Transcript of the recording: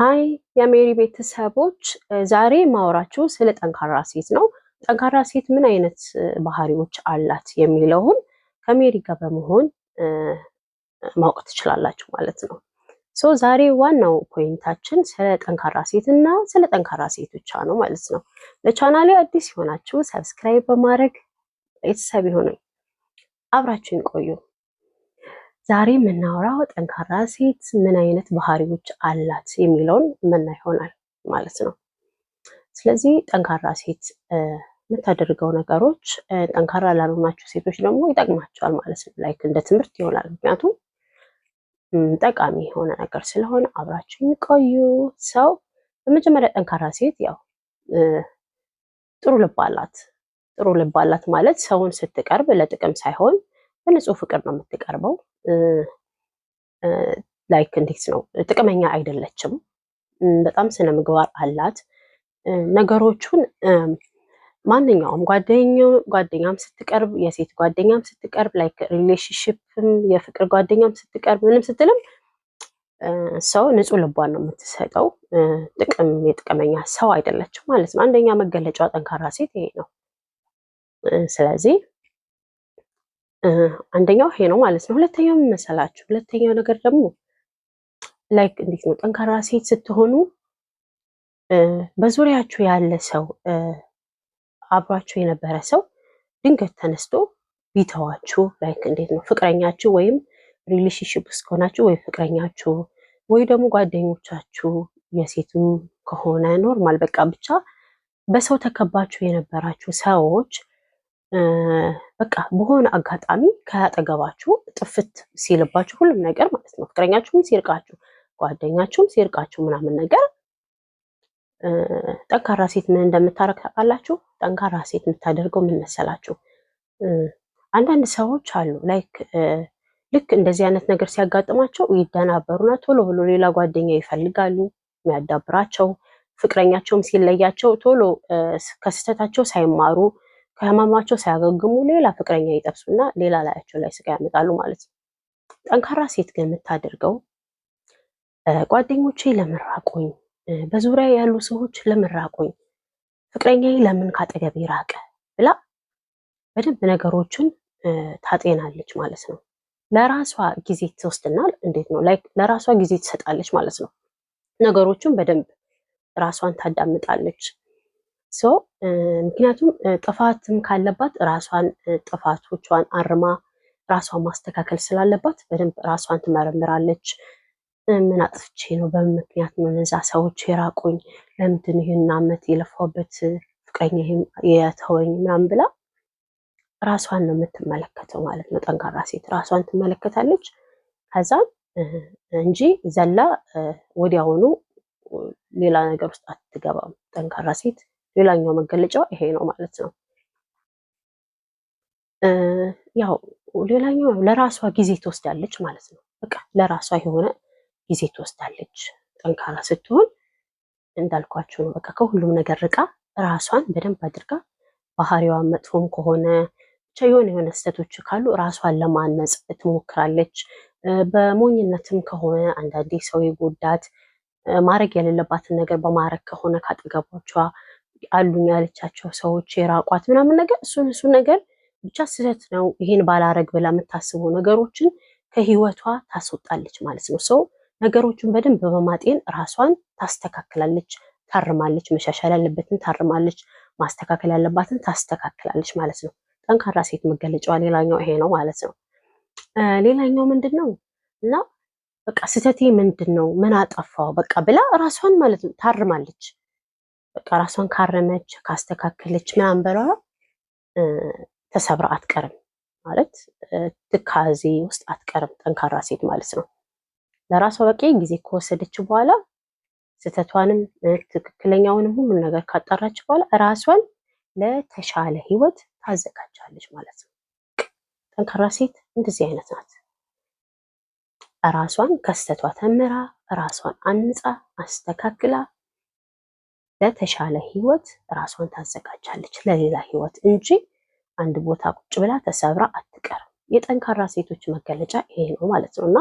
ሀይ የሜሪ ቤተሰቦች ዛሬ ማውራችሁ ስለ ጠንካራ ሴት ነው። ጠንካራ ሴት ምን አይነት ባህሪዎች አላት የሚለውን ከሜሪ ጋር በመሆን ማወቅ ትችላላችሁ ማለት ነው። ሶ ዛሬ ዋናው ፖይንታችን ስለ ጠንካራ ሴት እና ስለ ጠንካራ ሴት ብቻ ነው ማለት ነው። ለቻናሌ አዲስ የሆናችሁ ሰብስክራይብ በማድረግ ቤተሰብ ይሁኑ። አብራችሁን ቆዩ። ዛሬ የምናወራው ጠንካራ ሴት ምን አይነት ባህሪዎች አላት የሚለውን መና ይሆናል ማለት ነው። ስለዚህ ጠንካራ ሴት የምታደርገው ነገሮች ጠንካራ ላልሆናቸው ሴቶች ደግሞ ይጠቅማቸዋል ማለት ነው። ላይክ እንደ ትምህርት ይሆናል። ምክንያቱም ጠቃሚ የሆነ ነገር ስለሆነ አብራችሁ የሚቆዩ ሰው በመጀመሪያ ጠንካራ ሴት ያው ጥሩ ልብ አላት። ጥሩ ልብ አላት ማለት ሰውን ስትቀርብ ለጥቅም ሳይሆን በንጹህ ፍቅር ነው የምትቀርበው። ላይክ እንዴት ነው ጥቅመኛ አይደለችም። በጣም ስነ ምግባር አላት። ነገሮቹን ማንኛውም ጓደኛም ስትቀርብ የሴት ጓደኛም ስትቀርብ ላይክ ሪሌሽንሽፕም የፍቅር ጓደኛም ስትቀርብ ምንም ስትልም ሰው ንጹህ ልቧን ነው የምትሰጠው። ጥቅም የጥቅመኛ ሰው አይደለችም ማለት ነው። አንደኛ መገለጫዋ ጠንካራ ሴት ይሄ ነው። ስለዚህ አንደኛው ይሄ ነው ማለት ነው። ሁለተኛው መሰላችሁ? ሁለተኛው ነገር ደግሞ ላይክ እንዴት ነው ጠንካራ ሴት ስትሆኑ በዙሪያችሁ ያለ ሰው አብሯችሁ የነበረ ሰው ድንገት ተነስቶ ቢተዋችሁ ላይክ እንዴት ነው ፍቅረኛችሁ ወይም ሪሌሽንሽፕ ውስጥ ከሆናችሁ ወይ ፍቅረኛችሁ ወይ ደግሞ ጓደኞቻችሁ የሴትም ከሆነ ኖርማል በቃ ብቻ በሰው ተከባችሁ የነበራችሁ ሰዎች በቃ በሆነ አጋጣሚ ከያጠገባችሁ ጥፍት ሲልባችሁ ሁሉም ነገር ማለት ነው፣ ፍቅረኛችሁም ሲርቃችሁ፣ ጓደኛችሁም ሲርቃችሁ ምናምን ነገር ጠንካራ ሴት ምን እንደምታረግ ታውቃላችሁ? ጠንካራ ሴት የምታደርገው ምን መሰላችሁ? አንዳንድ ሰዎች አሉ ላይክ ልክ እንደዚህ አይነት ነገር ሲያጋጥማቸው ይደናበሩና ቶሎ ብሎ ሌላ ጓደኛ ይፈልጋሉ የሚያዳብራቸው። ፍቅረኛቸውም ሲለያቸው ቶሎ ከስህተታቸው ሳይማሩ ከህመማቸው ሲያገግሙ ሌላ ፍቅረኛ ይጠብሱና ሌላ ላያቸው ላይ ስጋ ያመጣሉ ማለት ነው። ጠንካራ ሴት ግን የምታደርገው ጓደኞቼ ለምን ራቁኝ፣ በዙሪያ ያሉ ሰዎች ለምን ራቁኝ፣ ፍቅረኛዬ ለምን ካጠገብ ራቀ ብላ በደንብ ነገሮችን ታጤናለች ማለት ነው። ለራሷ ጊዜ ትወስድና እንዴት ነው ላይክ ለራሷ ጊዜ ትሰጣለች ማለት ነው። ነገሮችን በደንብ ራሷን ታዳምጣለች። ሶ ምክንያቱም ጥፋትም ካለባት ራሷን ጥፋቶቿን አርማ ራሷን ማስተካከል ስላለባት በደንብ ራሷን ትመረምራለች። ምን አጥፍቼ ነው? በምን ምክንያት ነው እነዛ ሰዎች የራቁኝ? ለምንድን ይህን አመት የለፋበት ፍቅረኛ የተወኝ ምናምን ብላ ራሷን ነው የምትመለከተው ማለት ነው። ጠንካራ ሴት ራሷን ትመለከታለች። ከዛም እንጂ ዘላ ወዲያውኑ ሌላ ነገር ውስጥ አትገባም። ጠንካራ ሴት ሌላኛው መገለጫው ይሄ ነው ማለት ነው። ያው ሌላኛው ለራሷ ጊዜ ትወስዳለች ማለት ነው። በቃ ለራሷ የሆነ ጊዜ ትወስዳለች። ጠንካራ ስትሆን እንዳልኳቸው ነው። በቃ ከሁሉም ነገር ርቃ ራሷን በደንብ አድርጋ ባህሪዋ መጥፎም ከሆነ ብቻ የሆነ የሆነ ስህተቶች ካሉ ራሷን ለማነጽ ትሞክራለች። በሞኝነትም ከሆነ አንዳንዴ ሰው የጎዳት ማድረግ የሌለባትን ነገር በማድረግ ከሆነ ካጠገቧቿ አሉኝ ያለቻቸው ሰዎች የራቋት ምናምን ነገር እሱን እሱ ነገር ብቻ ስህተት ነው፣ ይሄን ባላረግ ብላ የምታስበው ነገሮችን ከህይወቷ ታስወጣለች ማለት ነው። ሰው ነገሮችን በደንብ በማጤን ራሷን ታስተካክላለች፣ ታርማለች፣ መሻሻል ያለበትን ታርማለች፣ ማስተካከል ያለባትን ታስተካክላለች ማለት ነው። ጠንካራ ሴት መገለጫዋ ሌላኛው ይሄ ነው ማለት ነው። ሌላኛው ምንድን ነው እና በቃ ስህተቴ ምንድን ነው ምን አጠፋው በቃ ብላ ራሷን ማለት ነው ታርማለች። በቃ ራሷን ካረመች ካስተካከለች ምናምን በለዋ ተሰብራ አትቀርም ማለት ትካዜ ውስጥ አትቀርም። ጠንካራ ሴት ማለት ነው። ለራሷ በቂ ጊዜ ከወሰደች በኋላ ስህተቷንም ትክክለኛውንም ሁሉ ነገር ካጣራች በኋላ ራሷን ለተሻለ ህይወት ታዘጋጃለች ማለት ነው። ጠንካራ ሴት እንደዚህ አይነት ናት። ራሷን ከስህተቷ ተምራ ራሷን አንጻ አስተካክላ ለተሻለ ህይወት ራሷን ታዘጋጃለች ለሌላ ህይወት እንጂ አንድ ቦታ ቁጭ ብላ ተሰብራ አትቀርም። የጠንካራ ሴቶች መገለጫ ይሄ ነው ማለት ነው እና